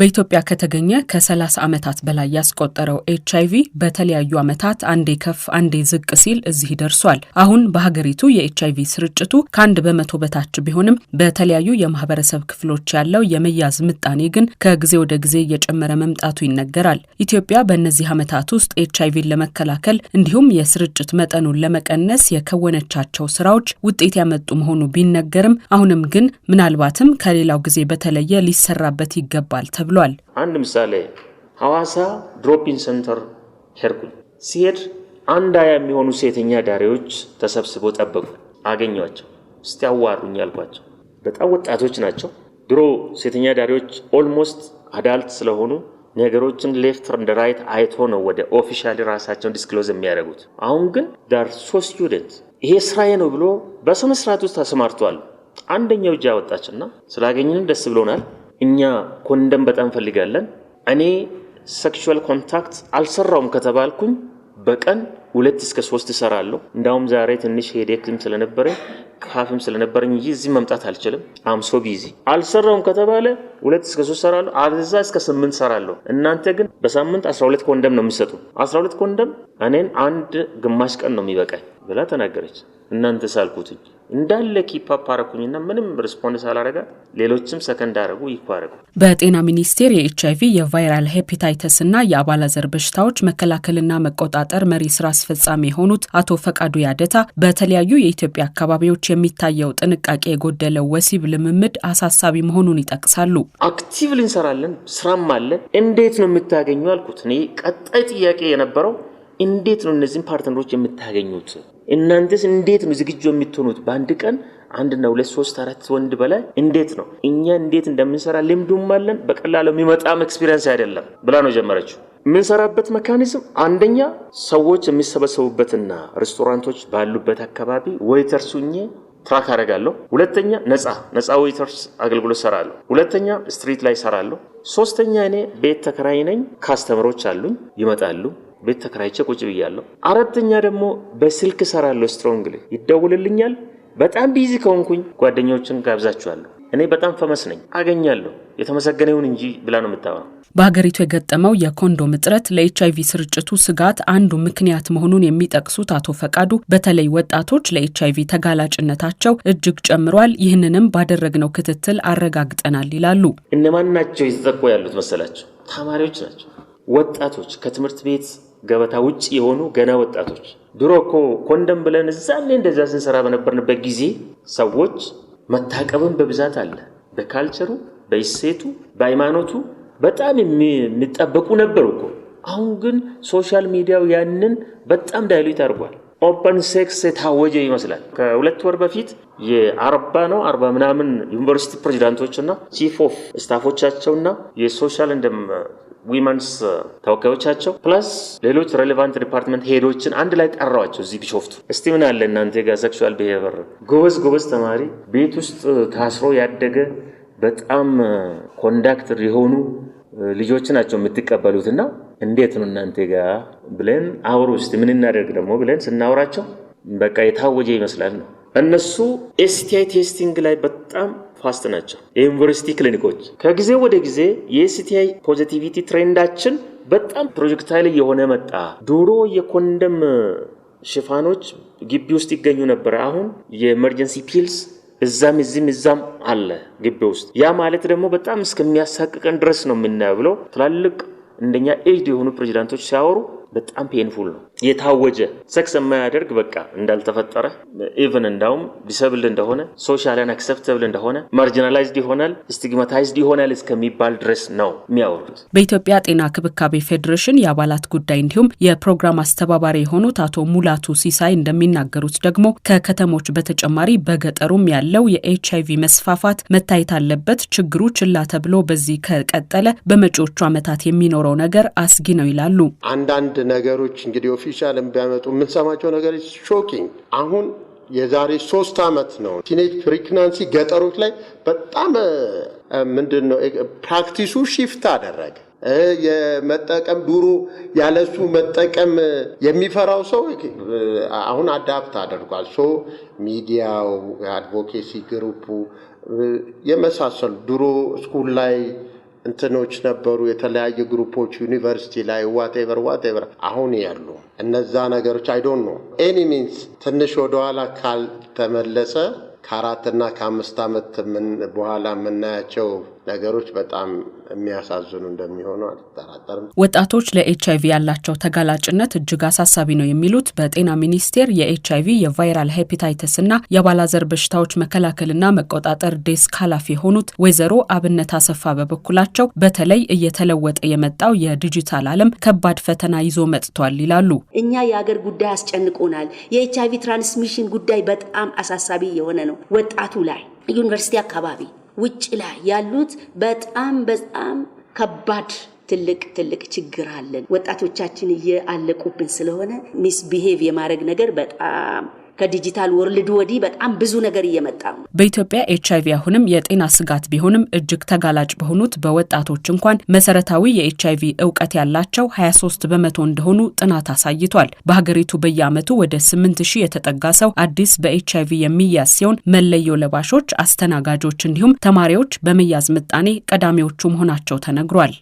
በኢትዮጵያ ከተገኘ ከ30 ዓመታት በላይ ያስቆጠረው ኤች አይቪ በተለያዩ ዓመታት አንዴ ከፍ አንዴ ዝቅ ሲል እዚህ ደርሷል። አሁን በሀገሪቱ የኤች አይቪ ስርጭቱ ከአንድ በመቶ በታች ቢሆንም በተለያዩ የማህበረሰብ ክፍሎች ያለው የመያዝ ምጣኔ ግን ከጊዜ ወደ ጊዜ እየጨመረ መምጣቱ ይነገራል። ኢትዮጵያ በእነዚህ ዓመታት ውስጥ ኤች አይቪን ለመከላከል እንዲሁም የስርጭት መጠኑን ለመቀነስ የከወነቻቸው ስራዎች ውጤት ያመጡ መሆኑ ቢነገርም አሁንም ግን ምናልባትም ከሌላው ጊዜ በተለየ ሊሰራበት ይገባል ተብሏል። አንድ ምሳሌ ሐዋሳ ድሮፒን ሰንተር ሄድኩኝ። ሲሄድ አንድ ሀያ የሚሆኑ ሴተኛ ዳሪዎች ተሰብስበው ጠበቁ። አገኘኋቸው። እስቲ አዋሩኝ አልኳቸው። በጣም ወጣቶች ናቸው። ድሮ ሴተኛ ዳሪዎች ኦልሞስት አዳልት ስለሆኑ ነገሮችን ሌፍት እንደ ራይት አይቶ ነው ወደ ኦፊሻሊ ራሳቸውን ዲስክሎዝ የሚያደርጉት። አሁን ግን ዳር ሶስት ስቱደንት ይሄ ስራዬ ነው ብሎ በስነ ስርዓት ውስጥ ተሰማርቷል አንደኛው እጅ አወጣችና ስላገኘንም ደስ ብሎናል እኛ ኮንደም በጣም ፈልጋለን። እኔ ሴክሹዋል ኮንታክት አልሰራውም ከተባልኩኝ በቀን ሁለት እስከ ሶስት እሰራለሁ። እንዳውም ዛሬ ትንሽ ሄዴክም ስለነበረ ካፍም ስለነበረኝ እንጂ እዚህ መምጣት አልችልም። አምሶ ቢዚ አልሰራውም ከተባለ ሁለት እስከ ሶስት ሰራለሁ፣ አዛ እስከ ስምንት ሰራለሁ። እናንተ ግን በሳምንት 12 ኮንደም ነው የሚሰጡ። 12 ኮንደም እኔን አንድ ግማሽ ቀን ነው የሚበቃኝ ብላ ተናገረች። እናንተ ሳልኩትኝ እንዳለ ኪፓፕ አረኩኝና ምንም ሪስፖንስ አላረጋ። ሌሎችም ሰከንድ አረጉ ይኳረጉ። በጤና ሚኒስቴር የኤች አይቪ የቫይራል ሄፒታይተስ እና የአባላዘር በሽታዎች መከላከልና መቆጣጠር መሪ ስራ አስፈጻሚ የሆኑት አቶ ፈቃዱ ያደታ በተለያዩ የኢትዮጵያ አካባቢዎች የሚታየው ጥንቃቄ የጎደለው ወሲብ ልምምድ አሳሳቢ መሆኑን ይጠቅሳሉ። አክቲቭ ልንሰራለን ስራም አለ። እንዴት ነው የምታገኙ አልኩት። እኔ ቀጣይ ጥያቄ የነበረው እንዴት ነው እነዚህን ፓርትነሮች የምታገኙት እናንተስ እንዴት ነው ዝግጁ የምትሆኑት? በአንድ ቀን አንድና ሁለት ሶስት አራት ወንድ በላይ እንዴት ነው እኛ እንዴት እንደምንሰራ ልምዱም አለን። በቀላሉ የሚመጣም ኤክስፒሪየንስ አይደለም ብላ ነው ጀመረችው። የምንሰራበት መካኒዝም አንደኛ ሰዎች የሚሰበሰቡበትና ሬስቶራንቶች ባሉበት አካባቢ ወይተርስ ትራክ አደርጋለሁ። ሁለተኛ ነፃ ነፃ ዌይተርስ አገልግሎት ሰራለሁ። ሁለተኛ ስትሪት ላይ ሰራለሁ። ሶስተኛ እኔ ቤት ተከራይ ነኝ። ካስተመሮች አሉኝ፣ ይመጣሉ። ቤት ተከራይቼ ቁጭ ብያለሁ። አራተኛ ደግሞ በስልክ ሰራለሁ። ስትሮንግሊ ይደውልልኛል። በጣም ቢዚ ከሆንኩኝ ጓደኞችን ጋብዛችኋለሁ። እኔ በጣም ፈመስ ነኝ አገኛለሁ የተመሰገነ እንጂ ብላ ነው የምታወራው። በሀገሪቱ የገጠመው የኮንዶም እጥረት ለኤች አይቪ ስርጭቱ ስጋት አንዱ ምክንያት መሆኑን የሚጠቅሱት አቶ ፈቃዱ በተለይ ወጣቶች ለኤች አይቪ ተጋላጭነታቸው እጅግ ጨምሯል፣ ይህንንም ባደረግነው ክትትል አረጋግጠናል ይላሉ። እነማን ናቸው የተጠቁ ያሉት መሰላቸው? ተማሪዎች ናቸው፣ ወጣቶች ከትምህርት ቤት ገበታ ውጭ የሆኑ ገና ወጣቶች ድሮ እኮ ኮንደም ብለን እዛ ላይ እንደዛ ስንሰራ በነበርንበት ጊዜ ሰዎች መታቀብን በብዛት አለ። በካልቸሩ፣ በይሴቱ፣ በሃይማኖቱ በጣም የሚጠበቁ ነበሩ እኮ። አሁን ግን ሶሻል ሚዲያው ያንን በጣም ዳይሉት አድርጓል። ኦፐን ሴክስ የታወጀ ይመስላል። ከሁለት ወር በፊት የአርባ ነው አርባ ምናምን ዩኒቨርሲቲ ፕሬዚዳንቶችና ቺፍ ኦፍ ስታፎቻቸውና የሶሻል ዊመንስ uh, ተወካዮቻቸው ፕላስ ሌሎች ሬሌቫንት ዲፓርትመንት ሄዶችን አንድ ላይ ጠራዋቸው እዚህ ቢሾፍቱ። እስቲ ምን አለ እናንተ ጋር ሴክሹዋል ቢሄቨር ጎበዝ ጎበዝ ተማሪ ቤት ውስጥ ታስሮ ያደገ በጣም ኮንዳክትር uh, የሆኑ uh, ልጆች ናቸው የምትቀበሉት እና እንዴት ነው እናንተ ጋር ብለን አውሩ ውስጥ ምን እናደርግ ደግሞ ብለን ስናወራቸው በቃ የታወጀ ይመስላል ነው እነሱ ኤስቲአይ ቴስቲንግ ላይ በጣም ፋስት ናቸው። የዩኒቨርሲቲ ክሊኒኮች ከጊዜ ወደ ጊዜ የኤስቲአይ ፖዚቲቪቲ ትሬንዳችን በጣም ፕሮጀክታይል የሆነ መጣ። ድሮ የኮንደም ሽፋኖች ግቢ ውስጥ ይገኙ ነበር። አሁን የኤመርጀንሲ ፒልስ እዛም እዚህም እዛም አለ ግቢ ውስጥ። ያ ማለት ደግሞ በጣም እስከሚያሳቅቀን ድረስ ነው የምናየው ብለው ትላልቅ እንደኛ ኤጅድ የሆኑ ፕሬዚዳንቶች ሲያወሩ በጣም ፔንፉል ነው። የታወጀ ሰክስ የማያደርግ በቃ እንዳልተፈጠረ ኢቨን እንዳውም ዲሰብል እንደሆነ ሶሻል አክሰፕተብል እንደሆነ ማርጂናላይዝድ ይሆናል ስቲግማታይዝድ ይሆናል እስከሚባል ድረስ ነው የሚያወሩት። በኢትዮጵያ ጤና ክብካቤ ፌዴሬሽን የአባላት ጉዳይ እንዲሁም የፕሮግራም አስተባባሪ የሆኑት አቶ ሙላቱ ሲሳይ እንደሚናገሩት ደግሞ ከከተሞች በተጨማሪ በገጠሩም ያለው የኤች አይቪ መስፋፋት መታየት አለበት። ችግሩ ችላ ተብሎ በዚህ ከቀጠለ በመጪዎቹ ዓመታት የሚኖረው ነገር አስጊ ነው ይላሉ። አንዳንድ ነገሮች እንግዲህ ኦፊሻልን ቢያመጡ የምንሰማቸው ነገር ሾኪንግ አሁን የዛሬ ሶስት ዓመት ነው ቲኔጅ ፕሬግናንሲ ገጠሮች ላይ በጣም ምንድን ነው ፕራክቲሱ ሺፍት አደረገ። የመጠቀም ዱሮ ያለሱ መጠቀም የሚፈራው ሰው አሁን አዳፕት አድርጓል። ሶ ሚዲያው፣ አድቮኬሲ ግሩፑ የመሳሰሉ ድሮ ስኩል ላይ እንትኖች ነበሩ፣ የተለያዩ ግሩፖች ዩኒቨርሲቲ ላይ ዋቴቨር ዋቴቨር አሁን ያሉ እነዛ ነገሮች አይዶን ነው ኤኒ ሚንስ ትንሽ ወደኋላ ካልተመለሰ ከአራትና ከአምስት ዓመት በኋላ የምናያቸው ነገሮች በጣም የሚያሳዝኑ እንደሚሆኑ አልጠራጠርም። ወጣቶች ለኤች አይቪ ያላቸው ተጋላጭነት እጅግ አሳሳቢ ነው የሚሉት በጤና ሚኒስቴር የኤች አይቪ የቫይራል ሄፒታይተስ እና የአባላዘር በሽታዎች መከላከልና መቆጣጠር ዴስክ ኃላፊ የሆኑት ወይዘሮ አብነት አሰፋ በበኩላቸው በተለይ እየተለወጠ የመጣው የዲጂታል ዓለም ከባድ ፈተና ይዞ መጥቷል ይላሉ። እኛ የአገር ጉዳይ አስጨንቆናል። የኤች አይቪ ትራንስሚሽን ጉዳይ በጣም አሳሳቢ የሆነ ነው። ወጣቱ ላይ ዩኒቨርሲቲ አካባቢ ውጭ ላይ ያሉት በጣም በጣም ከባድ ትልቅ ትልቅ ችግር አለን። ወጣቶቻችን እየአለቁብን ስለሆነ ሚስ ቢሄቭ የማድረግ ነገር በጣም ከዲጂታል ወርልድ ወዲህ በጣም ብዙ ነገር እየመጣ ነው። በኢትዮጵያ ኤች አይቪ አሁንም የጤና ስጋት ቢሆንም እጅግ ተጋላጭ በሆኑት በወጣቶች እንኳን መሰረታዊ የኤች አይቪ እውቀት ያላቸው 23 በመቶ እንደሆኑ ጥናት አሳይቷል። በሀገሪቱ በየአመቱ ወደ 8 ሺህ የተጠጋ ሰው አዲስ በኤች አይቪ የሚያዝ ሲሆን መለዮ ለባሾች፣ አስተናጋጆች እንዲሁም ተማሪዎች በመያዝ ምጣኔ ቀዳሚዎቹ መሆናቸው ተነግሯል።